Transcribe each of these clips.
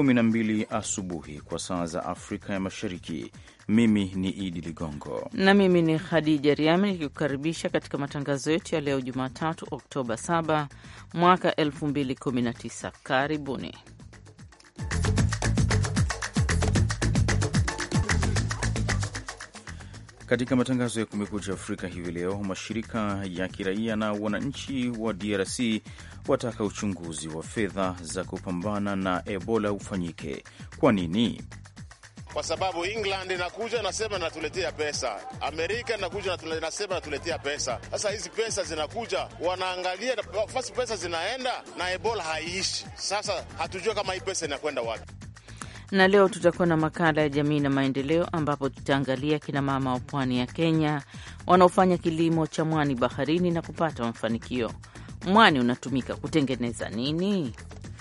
12 asubuhi kwa saa za Afrika ya Mashariki. Mimi ni Idi Ligongo na mimi ni Khadija Riami nikikukaribisha katika matangazo yetu ya leo Jumatatu, Oktoba 7 mwaka 2019. Karibuni. Katika matangazo ya Kumekucha Afrika hivi leo, mashirika ya kiraia na wananchi wa DRC wataka uchunguzi wa fedha za kupambana na Ebola ufanyike. Kwa nini? Kwa sababu England inakuja nasema natuletea pesa, Amerika inakuja nasema natuletea pesa. Sasa hizi pesa zinakuja, wanaangalia fasi pesa zinaenda na Ebola haiishi. Sasa hatujua kama hii pesa inakwenda wapi na leo tutakuwa na makala ya jamii na maendeleo, ambapo tutaangalia kinamama wa pwani ya Kenya wanaofanya kilimo cha mwani baharini na kupata mafanikio. Mwani unatumika kutengeneza nini?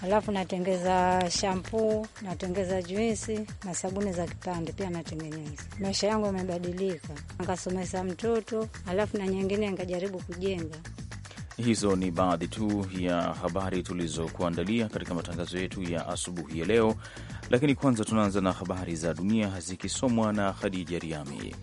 Alafu natengeza shampuu, natengeza juisi na sabuni za kipande pia natengeneza. Maisha yangu yamebadilika, nkasomesa mtoto, alafu na nyingine nkajaribu kujenga. Hizo ni baadhi tu ya habari tulizokuandalia katika matangazo yetu ya asubuhi ya leo, lakini kwanza tunaanza na habari za dunia zikisomwa na Khadija Riami.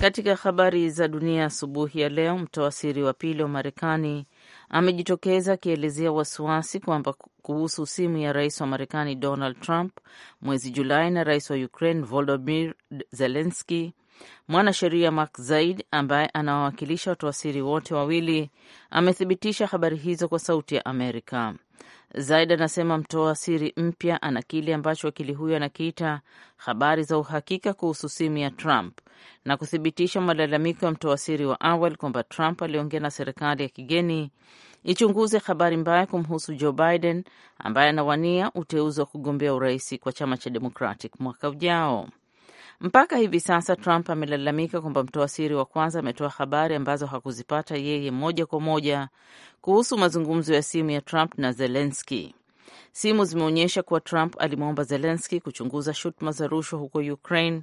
Katika habari za dunia asubuhi ya leo, mtoa siri wa pili wa Marekani amejitokeza akielezea wasiwasi kwamba kuhusu simu ya rais wa Marekani Donald Trump mwezi Julai na rais wa Ukraine Volodymyr Zelensky Mwanasheria Mark Zaid ambaye anawawakilisha watu wasiri wote wawili amethibitisha habari hizo kwa Sauti ya Amerika. Zaid anasema mtoa siri mpya ana kile ambacho wakili huyo anakiita habari za uhakika kuhusu simu ya Trump na kuthibitisha malalamiko ya mtoa siri wa awali kwamba Trump aliongea na serikali ya kigeni ichunguze habari mbaya kumhusu Joe Biden ambaye anawania uteuzi wa kugombea urais kwa chama cha Democratic mwaka ujao. Mpaka hivi sasa Trump amelalamika kwamba mtoa siri wa kwanza ametoa habari ambazo hakuzipata yeye moja kwa moja kuhusu mazungumzo ya simu ya Trump na Zelenski. Simu zimeonyesha kuwa Trump alimwomba Zelenski kuchunguza shutuma za rushwa huko Ukraine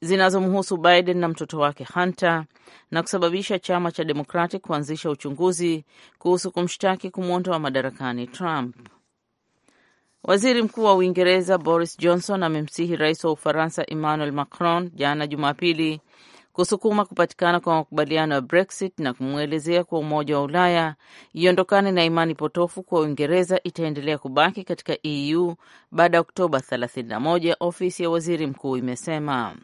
zinazomhusu Biden na mtoto wake Hunter na kusababisha chama cha Democratic kuanzisha uchunguzi kuhusu kumshtaki kumwondoa madarakani Trump. Waziri Mkuu wa Uingereza Boris Johnson amemsihi rais wa Ufaransa Emmanuel Macron jana Jumapili kusukuma kupatikana kwa makubaliano ya Brexit na kumwelezea kuwa Umoja wa Ulaya iondokane na imani potofu kuwa Uingereza itaendelea kubaki katika EU baada ya Oktoba 31, ofisi ya waziri mkuu imesema.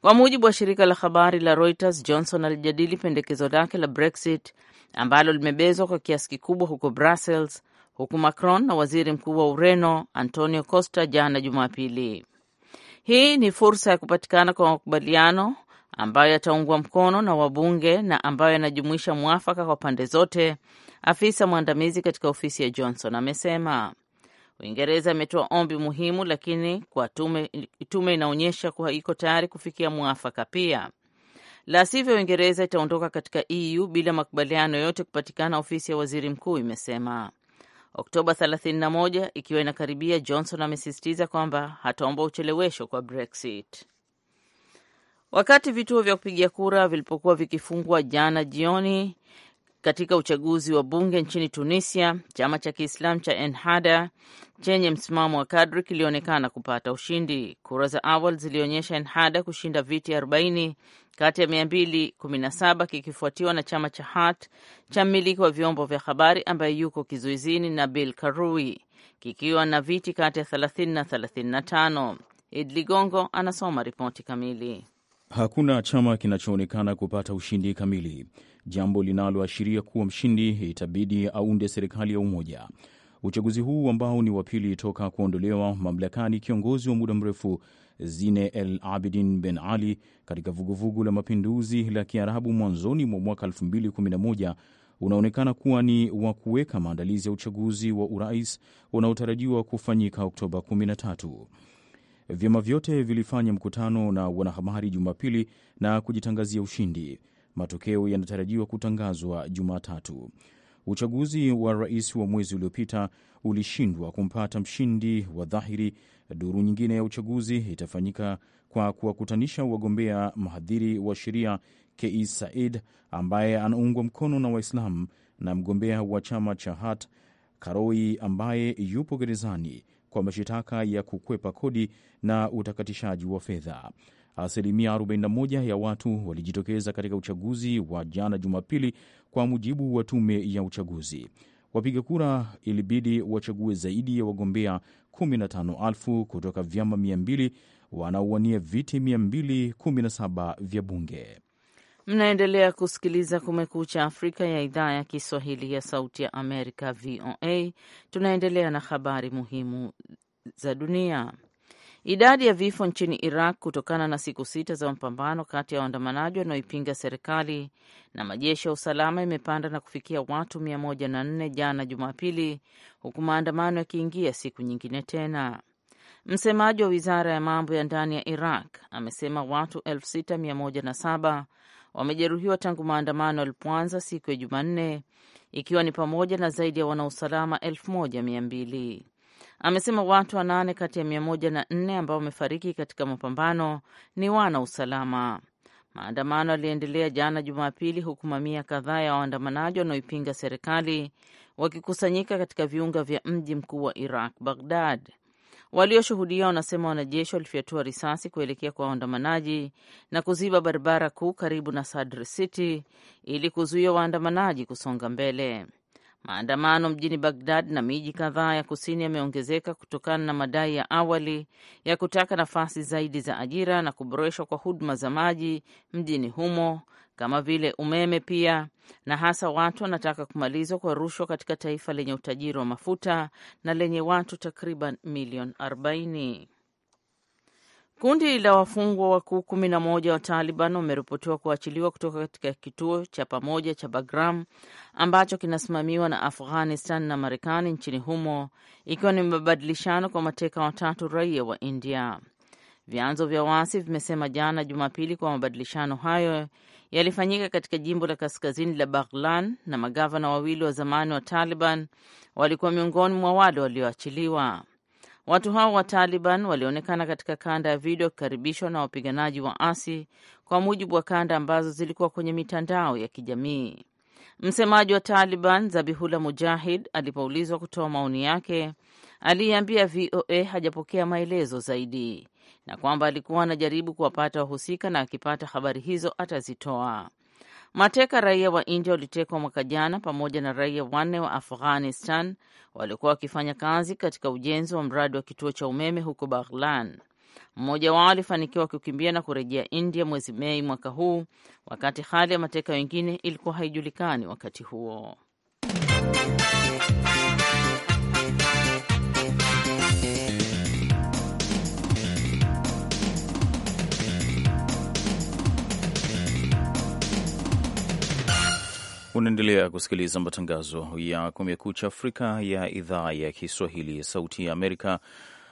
Kwa mujibu wa shirika la habari la Reuters, Johnson alijadili pendekezo lake la Brexit ambalo limebezwa kwa kiasi kikubwa huko Brussels huku Macron na waziri mkuu wa Ureno Antonio Costa jana Jumapili. Hii ni fursa ya kupatikana kwa makubaliano ambayo yataungwa mkono na wabunge na ambayo yanajumuisha mwafaka kwa pande zote, afisa mwandamizi katika ofisi ya Johnson amesema. Uingereza imetoa ombi muhimu, lakini kwa tume, tume inaonyesha kuwa iko tayari kufikia mwafaka pia, la sivyo Uingereza itaondoka katika EU bila makubaliano yote kupatikana, ofisi ya waziri mkuu imesema. Oktoba 31 ikiwa inakaribia, Johnson amesisitiza kwamba hataomba uchelewesho kwa Brexit. Wakati vituo vya kupigia kura vilipokuwa vikifungwa jana jioni, katika uchaguzi wa bunge nchini Tunisia, chama cha Kiislamu cha Enhada chenye msimamo wa kadri kilionekana kupata ushindi. Kura za awali zilionyesha Enhada kushinda viti 40 kati ya 217 kikifuatiwa na chama cha Hat cha mmiliki wa vyombo vya habari ambaye yuko kizuizini na bil karui kikiwa na viti kati ya 30 na 35. Id Ligongo anasoma ripoti kamili. Hakuna chama kinachoonekana kupata ushindi kamili, jambo linaloashiria kuwa mshindi itabidi aunde serikali ya umoja. Uchaguzi huu ambao ni wa pili toka kuondolewa mamlakani kiongozi wa muda mrefu Zine El Abidin Ben Ali katika vuguvugu la mapinduzi la Kiarabu mwanzoni mwa mwaka 2011 unaonekana kuwa ni wa kuweka maandalizi ya uchaguzi wa urais unaotarajiwa kufanyika Oktoba 13. Vyama vyote vilifanya mkutano na wanahabari Jumapili na kujitangazia ushindi. Matokeo yanatarajiwa kutangazwa Jumatatu. Uchaguzi wa rais wa mwezi uliopita ulishindwa kumpata mshindi wa dhahiri. Duru nyingine ya uchaguzi itafanyika kwa kuwakutanisha wagombea mhadhiri wa sheria ki e Said ambaye anaungwa mkono na Waislamu na mgombea wa chama cha Hat Karoi ambaye yupo gerezani kwa mashitaka ya kukwepa kodi na utakatishaji wa fedha. Asilimia 41 ya watu walijitokeza katika uchaguzi wa jana Jumapili, kwa mujibu wa tume ya uchaguzi. Wapiga kura ilibidi wachague zaidi ya wagombea 15,000 kutoka vyama 200 wanaowania viti 217 vya bunge. Mnaendelea kusikiliza Kumekucha Afrika ya idhaa ya Kiswahili ya Sauti ya Amerika, VOA. Tunaendelea na habari muhimu za dunia. Idadi ya vifo nchini Iraq kutokana na siku sita za mapambano kati ya waandamanaji wanaoipinga serikali na majeshi ya usalama imepanda na kufikia watu 104 jana Jumapili, huku maandamano yakiingia siku nyingine tena. Msemaji wa wizara ya mambo ya ndani ya Iraq amesema watu 6107 wamejeruhiwa tangu maandamano yalipoanza siku ya Jumanne, ikiwa ni pamoja na zaidi ya wanausalama elfu moja mia mbili. Amesema watu wanane kati ya mia moja na nne ambao wamefariki katika mapambano ni wana usalama. Maandamano yaliendelea jana Jumapili, huku mamia kadhaa ya waandamanaji wanaoipinga serikali wakikusanyika katika viunga vya mji mkuu wa Iraq, Baghdad. Walioshuhudia wanasema wanajeshi walifyatua risasi kuelekea kwa waandamanaji na kuziba barabara kuu karibu na Sadr City ili kuzuia waandamanaji kusonga mbele. Maandamano mjini Bagdad na miji kadhaa ya kusini yameongezeka kutokana na madai ya awali ya kutaka nafasi zaidi za ajira na kuboreshwa kwa huduma za maji mjini humo kama vile umeme pia, na hasa watu wanataka kumalizwa kwa rushwa katika taifa lenye utajiri wa mafuta na lenye watu takriban milioni 40. Kundi la wafungwa wakuu kumi na moja wa Taliban wameripotiwa kuachiliwa kutoka katika kituo cha pamoja cha Bagram ambacho kinasimamiwa na Afghanistan na Marekani nchini humo, ikiwa ni mabadilishano kwa mateka watatu raia wa India. Vyanzo vya waasi vimesema jana Jumapili kwa mabadilishano hayo yalifanyika katika jimbo la kaskazini la Baghlan na magavana wawili wa zamani wa Taliban walikuwa miongoni mwa wale walioachiliwa. Watu hao wa Taliban walionekana katika kanda ya video wakikaribishwa na wapiganaji wa asi, kwa mujibu wa kanda ambazo zilikuwa kwenye mitandao ya kijamii. Msemaji wa Taliban zabihula Mujahid alipoulizwa kutoa maoni yake aliyeambia VOA hajapokea maelezo zaidi na kwamba alikuwa anajaribu kuwapata wahusika na akipata habari hizo atazitoa. Mateka raia wa India walitekwa mwaka jana pamoja na raia wanne wa Afghanistan waliokuwa wakifanya kazi katika ujenzi wa mradi wa kituo cha umeme huko Baghlan. Mmoja wao alifanikiwa kukimbia na kurejea India mwezi Mei mwaka huu, wakati hali ya mateka wengine ilikuwa haijulikani wakati huo. Unaendelea kusikiliza matangazo ya Kumekucha Afrika ya idhaa ya Kiswahili ya Sauti ya Amerika.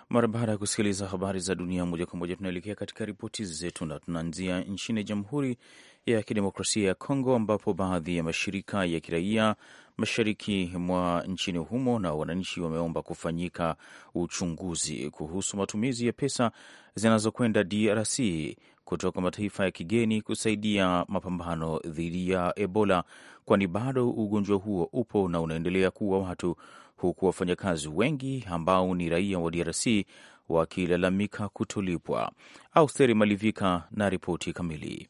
Mara baada ya kusikiliza habari za dunia moja kwa moja, tunaelekea katika ripoti zetu na tunaanzia nchini Jamhuri ya Kidemokrasia ya Kongo, ambapo baadhi ya mashirika ya kiraia mashariki mwa nchini humo na wananchi wameomba kufanyika uchunguzi kuhusu matumizi ya pesa zinazokwenda DRC kutoka mataifa ya kigeni kusaidia mapambano dhidi ya Ebola, kwani bado ugonjwa huo upo na unaendelea kuwa watu, huku wafanyakazi wengi ambao ni raia wa DRC wakilalamika kutolipwa. Austeri Malivika na ripoti kamili.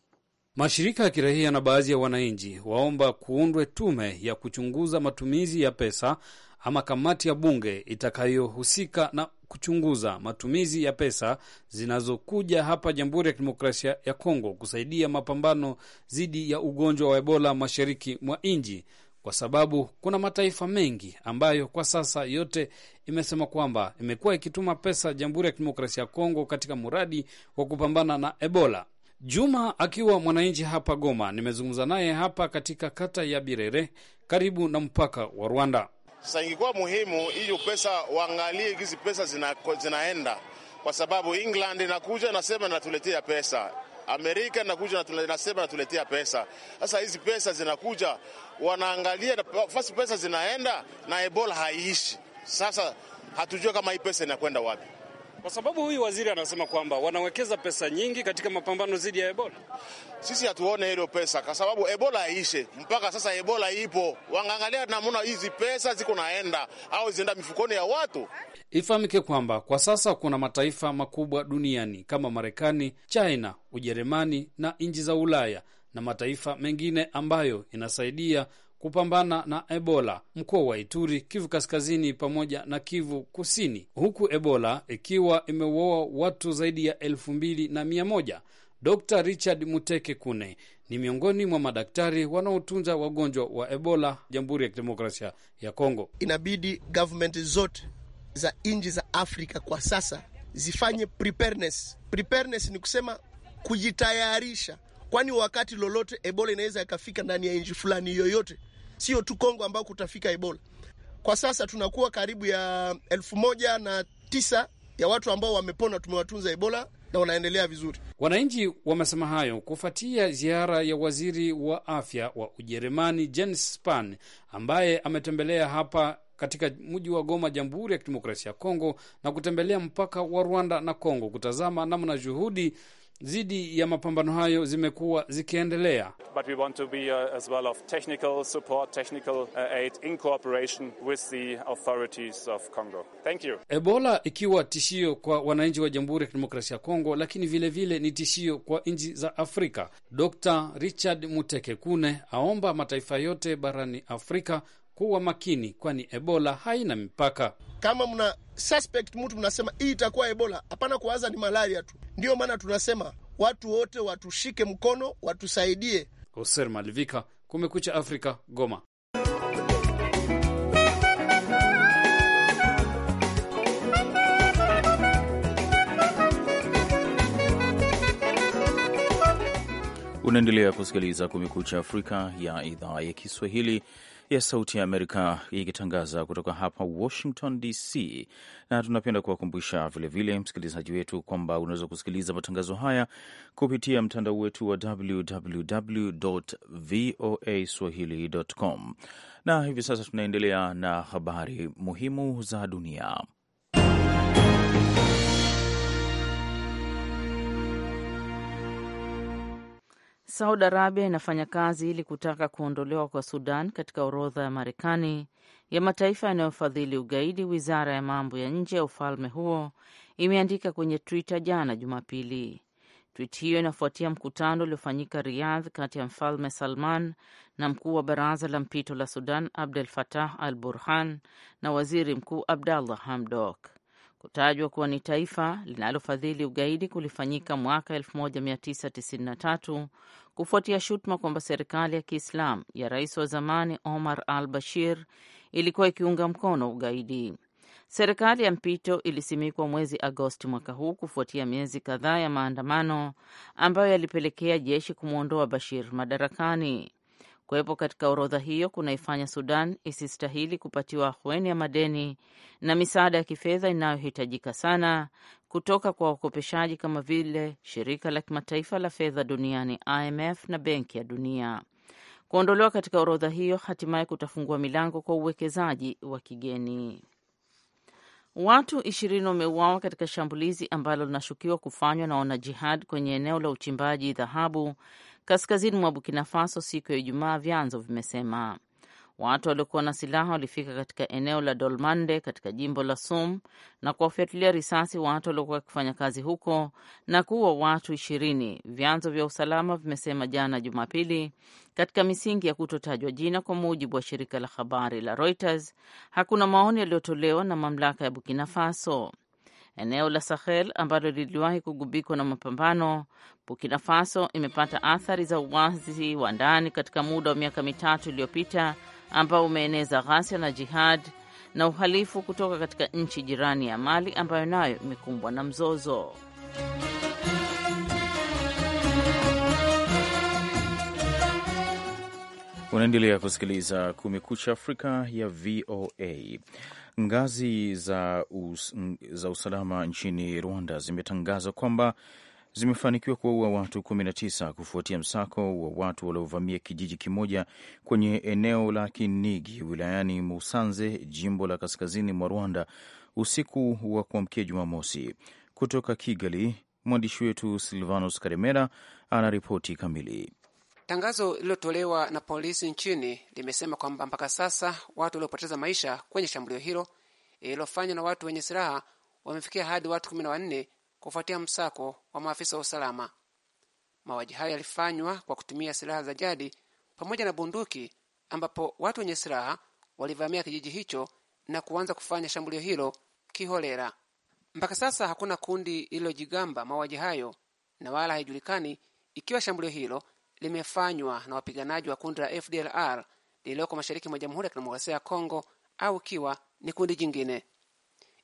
Mashirika ya kiraia na baadhi ya wananchi waomba kuundwe tume ya kuchunguza matumizi ya pesa ama kamati ya bunge itakayohusika na kuchunguza matumizi ya pesa zinazokuja hapa Jamhuri ya Kidemokrasia ya Kongo kusaidia mapambano dhidi ya ugonjwa wa Ebola mashariki mwa nchi, kwa sababu kuna mataifa mengi ambayo kwa sasa yote imesema kwamba imekuwa ikituma pesa Jamhuri ya Kidemokrasia ya Kongo katika mradi wa kupambana na Ebola. Juma akiwa mwananchi hapa Goma. Nimezungumza naye hapa katika kata ya Birere karibu na mpaka wa Rwanda. Sasa ingekuwa muhimu hiyo pesa waangalie hizi pesa zina, zinaenda kwa sababu England inakuja nasema natuletea pesa, Amerika inakuja nasema natuletea pesa. Sasa hizi pesa zinakuja, wanaangalia fasi pesa zinaenda na Ebola haiishi. Sasa hatujua kama hii pesa inakwenda wapi. Kwa sababu huyu waziri anasema kwamba wanawekeza pesa nyingi katika mapambano dhidi ya Ebola. Sisi hatuone hilo pesa, kwa sababu Ebola ishe mpaka sasa. Ebola ipo, wangangalia namna hizi pesa ziko naenda au zienda mifukoni ya watu. Ifahamike kwamba kwa sasa kuna mataifa makubwa duniani kama Marekani, China, Ujerumani na nchi za Ulaya na mataifa mengine ambayo inasaidia kupambana na Ebola mkoa wa Ituri, Kivu Kaskazini pamoja na Kivu Kusini, huku Ebola ikiwa imewaoa watu zaidi ya elfu mbili na mia moja. Dr Richard Muteke Kune ni miongoni mwa madaktari wanaotunza wagonjwa wa Ebola Jamhuri ya Kidemokrasia ya Kongo. Inabidi government zote za nchi za Afrika kwa sasa zifanye preparedness. Preparedness ni kusema kujitayarisha, kwani wakati lolote Ebola inaweza ikafika ndani ya nchi fulani yoyote sio tu Kongo ambao kutafika Ebola. Kwa sasa tunakuwa karibu ya elfu moja na tisa ya watu ambao wamepona, tumewatunza Ebola na wanaendelea vizuri. Wananchi wamesema hayo kufuatia ziara ya waziri wa afya wa Ujerumani Jens Spahn ambaye ametembelea hapa katika mji wa Goma, Jamhuri ya Kidemokrasia ya Kongo, na kutembelea mpaka wa Rwanda na Kongo kutazama namna juhudi dhidi ya mapambano hayo zimekuwa zikiendelea. Uh, uh, Ebola ikiwa tishio kwa wananchi wa Jamhuri ya Kidemokrasia ya Kongo, lakini vilevile vile ni tishio kwa nchi za Afrika. Dr Richard Mutekekune aomba mataifa yote barani Afrika kuwa makini, kwani Ebola haina mipaka. Kama mna suspect mtu mnasema hii itakuwa Ebola, hapana kuwaza ni malaria tu. Ndiyo maana tunasema watu wote watushike mkono, watusaidie. Hoser Malivika, Kumekucha Afrika, Goma. Unaendelea kusikiliza Kumekucha Afrika ya idhaa ya Kiswahili ya Sauti ya Amerika ikitangaza kutoka hapa Washington DC, na tunapenda kuwakumbusha vilevile msikilizaji wetu kwamba unaweza kusikiliza matangazo haya kupitia mtandao wetu wa www voa swahili na hivi sasa tunaendelea na habari muhimu za dunia. Saudi Arabia inafanya kazi ili kutaka kuondolewa kwa Sudan katika orodha ya Marekani ya mataifa yanayofadhili ugaidi. Wizara ya mambo ya nje ya ufalme huo imeandika kwenye Twitter jana Jumapili. Twit hiyo inafuatia mkutano uliofanyika Riyadh kati ya mfalme Salman na mkuu wa baraza la mpito la Sudan Abdel Fattah al Burhan na waziri mkuu Abdallah Hamdok. Kutajwa kuwa ni taifa linalofadhili ugaidi kulifanyika mwaka 1993 kufuatia shutuma kwamba serikali ya Kiislamu ya rais wa zamani Omar al Bashir ilikuwa ikiunga mkono ugaidi. Serikali ya mpito ilisimikwa mwezi Agosti mwaka huu kufuatia miezi kadhaa ya maandamano ambayo yalipelekea jeshi kumwondoa Bashir madarakani. Kuwepo katika orodha hiyo kunaifanya Sudan isistahili kupatiwa ahueni ya madeni na misaada ya kifedha inayohitajika sana kutoka kwa wakopeshaji kama vile shirika la kimataifa la fedha duniani IMF na Benki ya Dunia. Kuondolewa katika orodha hiyo hatimaye kutafungua milango kwa uwekezaji wa kigeni. Watu ishirini wameuawa katika shambulizi ambalo linashukiwa kufanywa na wanajihad kwenye eneo la uchimbaji dhahabu kaskazini mwa Bukina Faso siku ya Ijumaa, vyanzo vimesema. Watu waliokuwa na silaha walifika katika eneo la Dolmande katika jimbo la Sum na kuwafyatulia risasi watu waliokuwa wakifanya kazi huko na kuua watu ishirini, vyanzo vya usalama vimesema jana Jumapili, katika misingi ya kutotajwa jina, kwa mujibu wa shirika la habari la Reuters. Hakuna maoni yaliyotolewa na mamlaka ya Burkina Faso. Eneo la Sahel ambalo liliwahi kugubikwa na mapambano, Burkina Faso imepata athari za uwazi wa ndani katika muda wa miaka mitatu iliyopita ambao umeeneza ghasia na jihad na uhalifu kutoka katika nchi jirani ya Mali ambayo nayo imekumbwa na mzozo. Unaendelea kusikiliza Kumekucha Afrika ya VOA. Ngazi za, us, za usalama nchini Rwanda zimetangaza kwamba zimefanikiwa kuwaua watu 19 kufuatia msako wa watu waliovamia kijiji kimoja kwenye eneo la Kinigi wilayani Musanze, jimbo la kaskazini mwa Rwanda, usiku wa kuamkia Jumamosi. Kutoka Kigali, mwandishi wetu Silvanus Karemera anaripoti kamili. Tangazo lililotolewa na polisi nchini limesema kwamba mpaka sasa watu waliopoteza maisha kwenye shambulio hilo lililofanywa na watu wenye silaha wamefikia hadi watu kumi na wanne kufuatia msako wa maafisa wa usalama. Mauaji hayo yalifanywa kwa kutumia silaha za jadi pamoja na bunduki, ambapo watu wenye silaha walivamia kijiji hicho na kuanza kufanya shambulio hilo kiholela. Mpaka sasa hakuna kundi lililojigamba mauaji hayo na wala haijulikani ikiwa shambulio hilo limefanywa na wapiganaji wa kundi la FDLR lililoko mashariki mwa Jamhuri ya Kidemokrasia ya Kongo au ikiwa ni kundi jingine.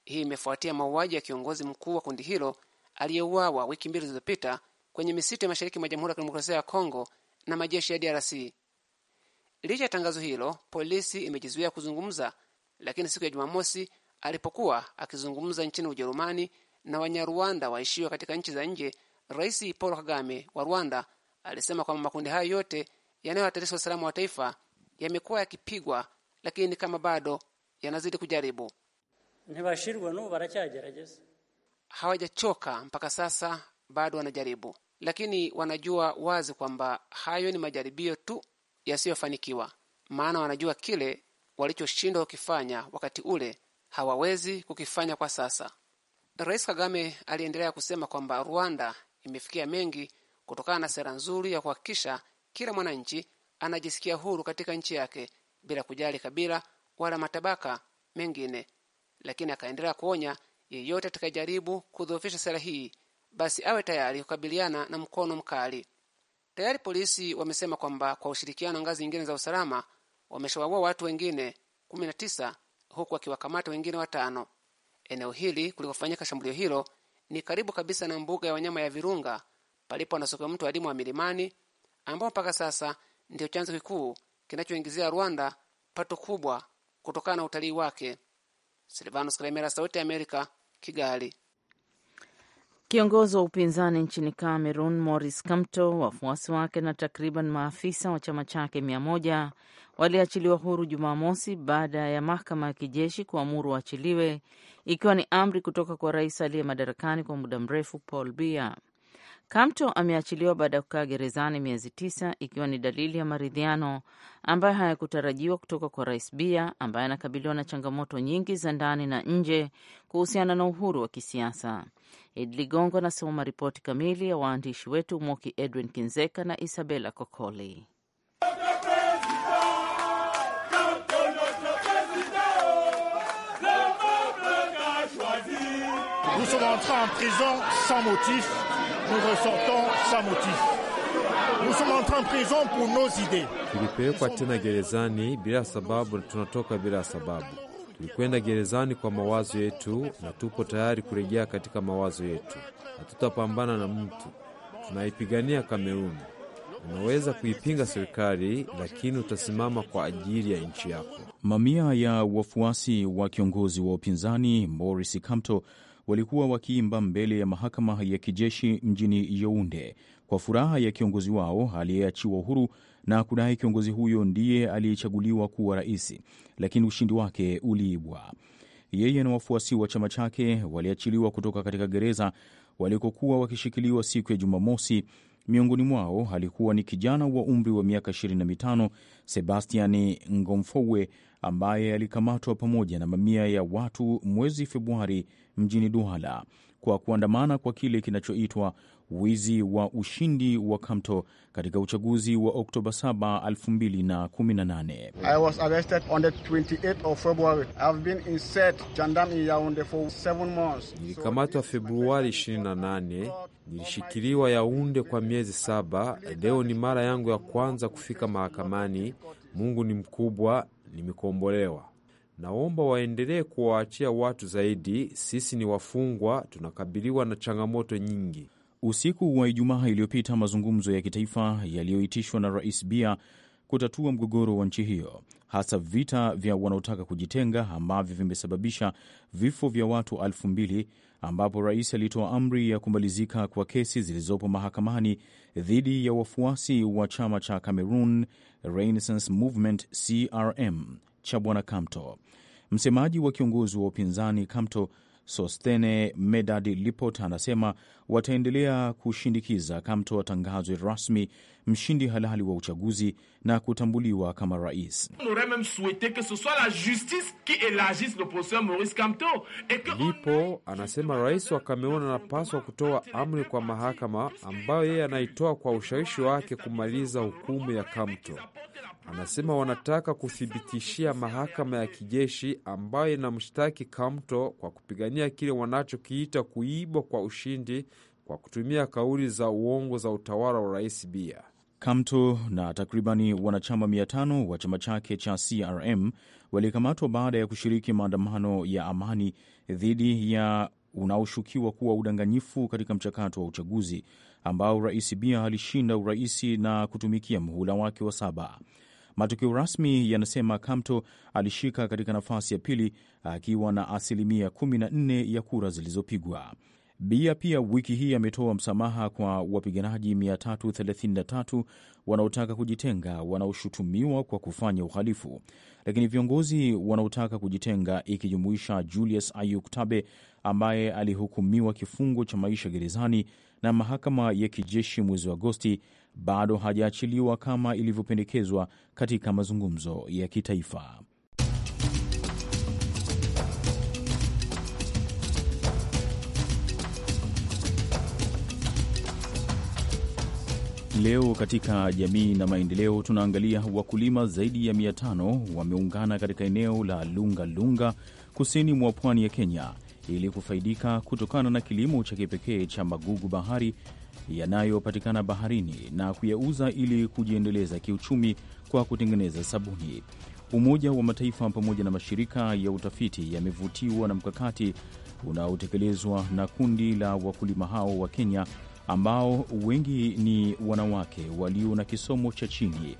Hii imefuatia mauaji ya kiongozi mkuu wa kundi hilo aliyeuawa wiki mbili zilizopita kwenye misitu ya mashariki mwa Jamhuri ya Kidemokrasia ya Kongo na majeshi ya DRC. Licha ya tangazo hilo, polisi imejizuia kuzungumza, lakini siku ya Jumamosi alipokuwa akizungumza nchini Ujerumani na Wanyarwanda waishiwa katika nchi za nje, Rais Paul Kagame wa Rwanda alisema kwamba makundi hayo yote yanayohatarisha usalama wa taifa yamekuwa yakipigwa, lakini kama bado yanazidi kujaribu ntibashirwa n'ubu baracyagerageza, hawajachoka mpaka sasa, bado wanajaribu, lakini wanajua wazi kwamba hayo ni majaribio tu yasiyofanikiwa, maana wanajua kile walichoshindwa kukifanya wakati ule hawawezi kukifanya kwa sasa. Rais Kagame aliendelea kusema kwamba Rwanda imefikia mengi kutokana na sera nzuri ya kuhakikisha kila mwananchi anajisikia huru katika nchi yake bila kujali kabila wala matabaka mengine lakini akaendelea kuonya, yeyote atakayejaribu kudhoofisha sera hii, basi awe tayari kukabiliana na mkono mkali. Tayari polisi wamesema kwamba kwa ushirikiano ngazi nyingine za usalama wameshawaua watu wengine 19 huku wakiwakamata wengine watano. Eneo hili kulikofanyika shambulio hilo ni karibu kabisa na mbuga ya wanyama ya Virunga palipo na soko mtu adimu wa milimani ambao mpaka sasa ndiyo chanzo kikuu kinachoingizia Rwanda pato kubwa kutokana na utalii wake. Silvanus Kalemera, Sauti ya Amerika, Kigali. Kiongozi wa upinzani nchini Cameroon Maurice Kamto, wafuasi wake na takriban maafisa wa chama chake mia moja waliachiliwa huru Jumamosi baada ya mahakama ya kijeshi kuamuru waachiliwe, ikiwa ni amri kutoka kwa rais aliye madarakani kwa muda mrefu Paul Biya. Kamto ameachiliwa baada ya kukaa gerezani miezi tisa ikiwa ni dalili ya maridhiano ambayo hayakutarajiwa kutoka kwa Rais bia ambaye anakabiliwa na changamoto nyingi za ndani na nje kuhusiana na uhuru wa kisiasa. Ed Ligongo anasoma ripoti kamili ya waandishi wetu Moki Edwin Kinzeka na isabela Kokoli. Nous sommes entrés en prison sans motif nous ressortons sans motif. Nous sommes entrés en prison pour nos idées. Tulipelekwa tena gerezani bila sababu na tunatoka bila sababu. Tulikwenda gerezani kwa mawazo yetu na tupo tayari kurejea katika mawazo yetu. Hatutapambana na mtu, tunaipigania Kameruni. Unaweza kuipinga serikali lakini utasimama kwa ajili ya nchi yako. Mamia ya wafuasi wa kiongozi wa upinzani Maurice Kamto walikuwa wakiimba mbele ya mahakama ya kijeshi mjini Yaounde kwa furaha ya kiongozi wao aliyeachiwa uhuru na kudai kiongozi huyo ndiye aliyechaguliwa kuwa rais, lakini ushindi wake uliibwa. Yeye na wafuasi wa chama chake waliachiliwa kutoka katika gereza walikokuwa wakishikiliwa siku ya Jumamosi Miongoni mwao alikuwa ni kijana wa umri wa miaka 25 Sebastian Ngomfowe ambaye alikamatwa pamoja na mamia ya watu mwezi Februari mjini Duala kwa kuandamana kwa kile kinachoitwa wizi wa ushindi wa Kamto katika uchaguzi wa Oktoba 7, 2018. Nilikamatwa Februari 28, nilishikiliwa Yaunde kwa miezi saba. Leo ni mara yangu ya kwanza kufika mahakamani. Mungu ni mkubwa, nimekombolewa. Naomba waendelee kuwaachia watu zaidi. Sisi ni wafungwa, tunakabiliwa na changamoto nyingi. Usiku wa Ijumaa iliyopita mazungumzo ya kitaifa yaliyoitishwa na Rais bia kutatua mgogoro wa nchi hiyo, hasa vita vya wanaotaka kujitenga ambavyo vimesababisha vifo vya watu elfu mbili ambapo rais alitoa amri ya kumalizika kwa kesi zilizopo mahakamani dhidi ya wafuasi wa chama cha Cameroon Renaissance Movement CRM cha Bwana Kamto. Msemaji wa kiongozi wa upinzani Kamto Sostene Medad Lipot anasema wataendelea kushindikiza Kamto atangazwe rasmi mshindi halali wa uchaguzi na kutambuliwa kama rais. Ndipo anasema rais wa Kamerun anapaswa kutoa amri kwa mahakama ambayo yeye anaitoa kwa ushawishi wake kumaliza hukumu ya Kamto. Anasema wanataka kuthibitishia mahakama ya kijeshi ambayo inamshtaki Kamto kwa kupigania kile wanachokiita kuibwa kwa ushindi kwa kutumia kauli za uongo za utawala wa Rais Bia. Kamto na takribani wanachama 5 wa chama chake cha CRM walikamatwa baada ya kushiriki maandamano ya amani dhidi ya unaoshukiwa kuwa udanganyifu katika mchakato wa uchaguzi ambao Rais bia alishinda uraisi na kutumikia mhula wake wa saba. Matokeo rasmi yanasema Kamto alishika katika nafasi ya pili akiwa na asilimia 14 ya kura zilizopigwa. Bia pia wiki hii ametoa msamaha kwa wapiganaji 333 wanaotaka kujitenga wanaoshutumiwa kwa kufanya uhalifu, lakini viongozi wanaotaka kujitenga ikijumuisha Julius Ayuk Tabe ambaye alihukumiwa kifungo cha maisha gerezani na mahakama ya kijeshi mwezi Agosti bado hajaachiliwa kama ilivyopendekezwa katika mazungumzo ya kitaifa. Leo katika jamii na maendeleo tunaangalia wakulima zaidi ya mia tano wameungana katika eneo la Lunga Lunga kusini mwa pwani ya Kenya ili kufaidika kutokana na kilimo cha kipekee cha magugu bahari yanayopatikana baharini na kuyauza ili kujiendeleza kiuchumi kwa kutengeneza sabuni. Umoja wa Mataifa pamoja na mashirika ya utafiti yamevutiwa na mkakati unaotekelezwa na kundi la wakulima hao wa Kenya ambao wengi ni wanawake walio na kisomo cha chini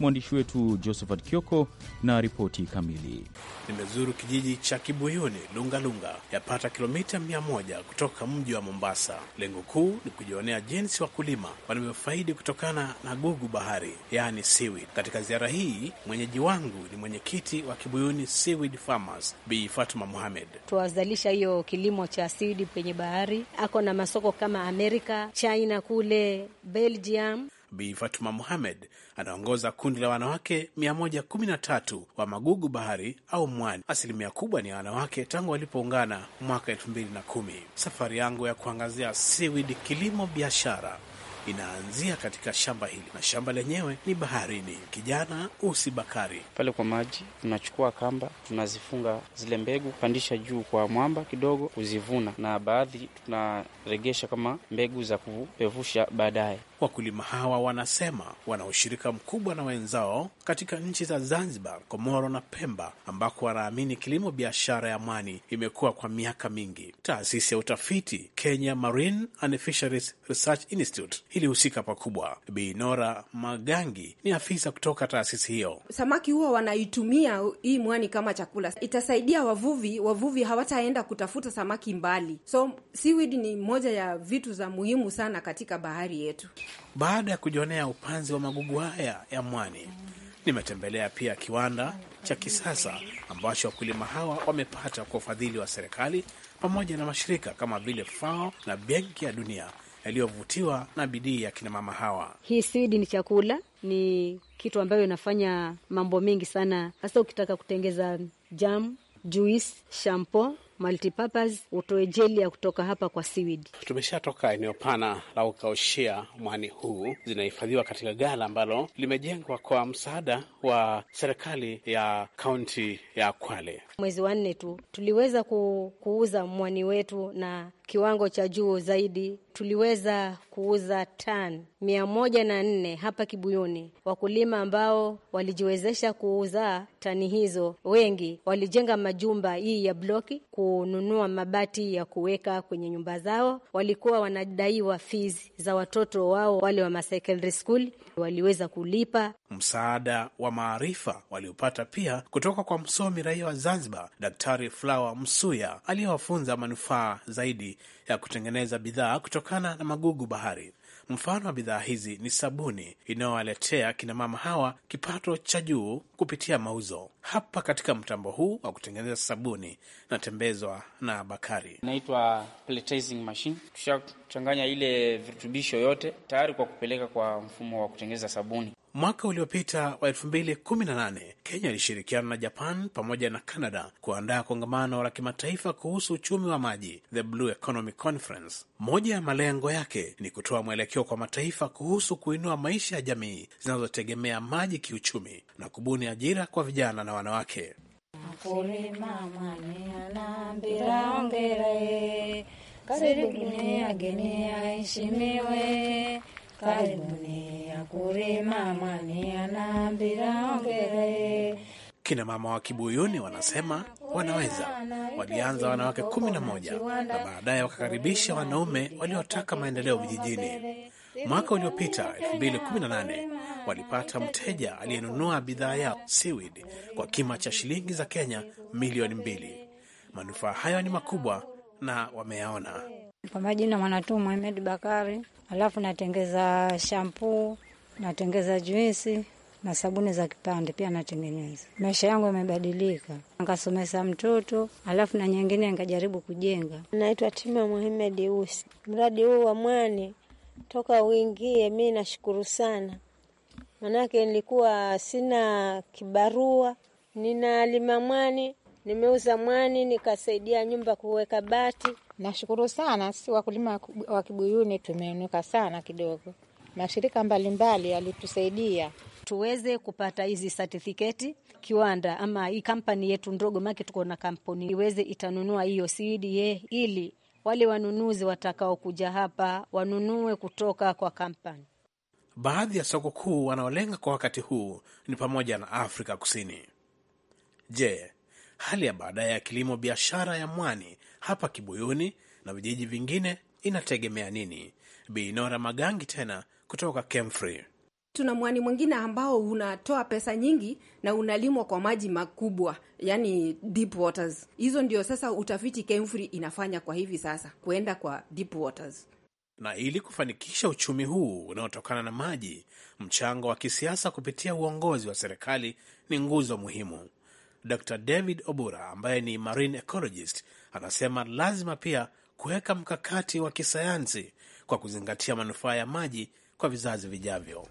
Mwandishi wetu Josephat Kioko na ripoti kamili. Nimezuru kijiji cha Kibuyuni Lungalunga, yapata kilomita mia moja kutoka mji wa Mombasa. Lengo kuu ni kujionea jinsi wakulima wanavyofaidi kutokana na gugu bahari, yaani seaweed. Katika ziara hii, mwenyeji wangu ni mwenyekiti wa Kibuyuni Seaweed Farmers, Bi Fatuma muhamed Tuwazalisha hiyo kilimo cha seaweed penye bahari, ako na masoko kama Amerika, China, kule Belgium Bi Fatuma Muhamed anaongoza kundi la wanawake 113 wa magugu bahari au mwani. Asilimia kubwa ni wanawake tangu walipoungana mwaka 2010. Safari yangu ya kuangazia seaweed kilimo biashara inaanzia katika shamba hili na shamba lenyewe ni baharini. Kijana Usi Bakari pale kwa maji, tunachukua kamba, tunazifunga zile mbegu, kupandisha juu kwa mwamba kidogo, kuzivuna na baadhi tunaregesha kama mbegu za kupevusha baadaye. Wakulima hawa wanasema wana ushirika mkubwa na wenzao katika nchi za Zanzibar, Komoro na Pemba, ambako wanaamini kilimo biashara ya mwani imekuwa kwa miaka mingi. Taasisi ya utafiti Kenya Marine and Fisheries Research Institute ilihusika pakubwa. Binora Magangi ni afisa kutoka taasisi hiyo. Samaki huwa wanaitumia hii mwani kama chakula, itasaidia wavuvi. Wavuvi hawataenda kutafuta samaki mbali, so seaweed ni moja ya vitu za muhimu sana katika bahari yetu. Baada ya kujionea upanzi wa magugu haya ya mwani, nimetembelea pia kiwanda cha kisasa ambacho wakulima hawa wamepata kwa ufadhili wa serikali pamoja na mashirika kama vile FAO na Benki ya Dunia yaliyovutiwa na bidii ya kinamama hawa. Hii swidi ni chakula, ni kitu ambayo inafanya mambo mengi sana, hasa ukitaka kutengeza jam, juice, shampo multipurpose utoe jeli ya kutoka hapa kwa seaweed. Tumeshatoka eneo pana la ukaushia mwani huu, zinahifadhiwa katika gala ambalo limejengwa kwa msaada wa serikali ya kaunti ya Kwale. Mwezi wa nne tu tuliweza kuuza mwani wetu na kiwango cha juu zaidi. Tuliweza kuuza tan mia moja na nne hapa Kibuyuni. Wakulima ambao walijiwezesha kuuza tani hizo, wengi walijenga majumba hii ya bloki, kununua mabati ya kuweka kwenye nyumba zao. Walikuwa wanadaiwa fees za watoto wao wale wa secondary school, waliweza kulipa. Msaada wa maarifa waliopata pia kutoka kwa msomi raia wa Zanzibar, Daktari Flower Msuya aliyewafunza manufaa zaidi ya kutengeneza bidhaa kutokana na magugu bahari. Mfano wa bidhaa hizi ni sabuni inayowaletea kinamama hawa kipato cha juu kupitia mauzo. Hapa katika mtambo huu wa kutengeneza sabuni, natembezwa na Bakari. Inaitwa pelletizing machine. ile virutubisho yote, tayari kwa kupeleka kwa mfumo wa kutengeneza sabuni. Mwaka uliopita wa 2018 Kenya ilishirikiana na Japan pamoja na Canada kuandaa kongamano la kimataifa kuhusu uchumi wa maji, the Blue Economy Conference. Moja ya malengo yake ni kutoa mwelekeo kwa mataifa kuhusu kuinua maisha ya jamii zinazotegemea maji kiuchumi na kubuni ajira kwa vijana na wanawake karibuni akurima amani anaambira ongere. Kina mama wa Kibuyuni wanasema wanaweza. Walianza wanawake kumi na moja na baadaye wakakaribisha wanaume waliotaka maendeleo vijijini. Mwaka uliopita 2018 walipata mteja aliyenunua bidhaa yao seaweed kwa kima cha shilingi za Kenya milioni mbili. Manufaa hayo ni makubwa na wameyaona. Kwa majina mwanatu Muhamed Bakari, alafu natengeza shampuu, natengeza juisi na sabuni za kipande pia natengeneza. Maisha yangu yamebadilika, nkasomesa mtoto alafu na nyingine nkajaribu kujenga. Naitwa Tima Muhamed Usi. Mradi huu wa mwani toka uingie, mi nashukuru sana, manake nilikuwa sina kibarua, nina mwani nimeuza mwani nikasaidia nyumba kuweka bati. Nashukuru sana, si wakulima wa Kibuyuni tumeinuka sana kidogo. Mashirika mbalimbali yalitusaidia tuweze kupata hizi satifiketi kiwanda ama hii kampani yetu ndogo, make tuko na kampuni iweze itanunua hiyo CDA ili wale wanunuzi watakaokuja hapa wanunue kutoka kwa kampani. Baadhi ya soko kuu wanaolenga kwa wakati huu ni pamoja na Afrika Kusini. Je, Hali ya baadaye ya kilimo biashara ya mwani hapa Kibuyuni na vijiji vingine inategemea nini? Binora Magangi tena kutoka Kemfrey. Tuna mwani mwingine ambao unatoa pesa nyingi na unalimwa kwa maji makubwa, yani deep waters. Hizo ndio sasa utafiti Kemfrey inafanya kwa hivi sasa, kuenda kwa deep waters. Na ili kufanikisha uchumi huu unaotokana na maji, mchango wa kisiasa kupitia uongozi wa serikali ni nguzo muhimu. Dr David Obura ambaye ni marine ecologist anasema lazima pia kuweka mkakati wa kisayansi kwa kuzingatia manufaa ya maji kwa vizazi vijavyo.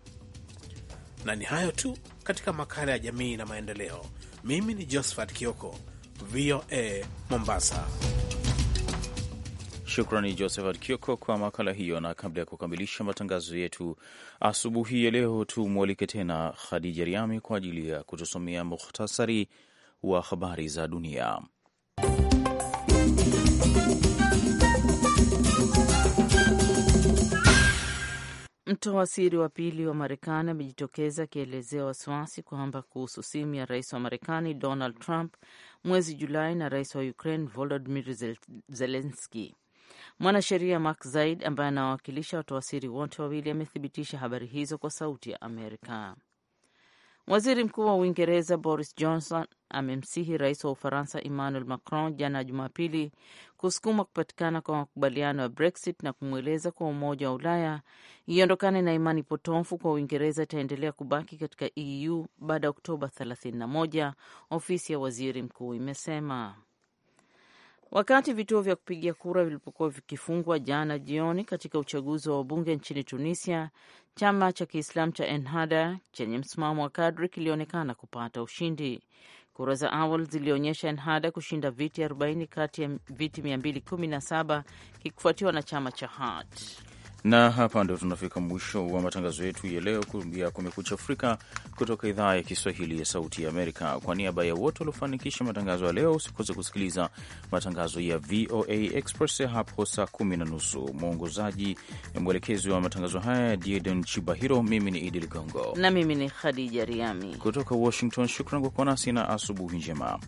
Na ni hayo tu katika makala ya jamii na maendeleo. Mimi ni Josephat Kioko, VOA Mombasa. Shukrani Josephat Kioko kwa makala hiyo. Na kabla ya kukamilisha matangazo yetu asubuhi ya leo, tumwalike tena Khadija Riami kwa ajili ya kutusomea mukhtasari wa habari za dunia. Mtoa siri wa pili wa Marekani amejitokeza akielezea wasiwasi kwamba kuhusu simu ya rais wa Marekani Donald Trump mwezi Julai na rais wa Ukraine Volodimir Zelenski. Mwanasheria Mark Zaid ambaye anawawakilisha watoa siri wote wawili amethibitisha habari hizo kwa Sauti ya Amerika. Waziri Mkuu wa Uingereza Boris Johnson amemsihi rais wa Ufaransa Emmanuel Macron jana Jumapili kusukuma kupatikana kwa makubaliano ya Brexit na kumweleza kuwa Umoja wa Ulaya iondokane na imani potofu kwa Uingereza itaendelea kubaki katika EU baada ya Oktoba 31, ofisi ya waziri mkuu imesema. Wakati vituo vya kupigia kura vilipokuwa vikifungwa jana jioni katika uchaguzi wa wabunge nchini Tunisia, chama cha Kiislamu cha Ennahda chenye msimamo wa kadri kilionekana kupata ushindi. Kura za awali zilionyesha Ennahda kushinda viti 40 kati ya viti 217 kikifuatiwa na chama cha Hat. Na hapa ndio tunafika mwisho wa matangazo yetu ya leo ya Kumekucha Afrika kutoka idhaa ya Kiswahili ya Sauti ya Amerika. Kwa niaba ya wote waliofanikisha matangazo ya leo, usikose kusikiliza matangazo ya VOA Express hapo saa kumi na nusu. Mwongozaji na mwelekezi wa matangazo haya Dieden Chibahiro, mimi ni Idi Ligongo na mimi ni Khadija Riami kutoka Washington. Shukran kwa kuwa nasi na asubuhi njema.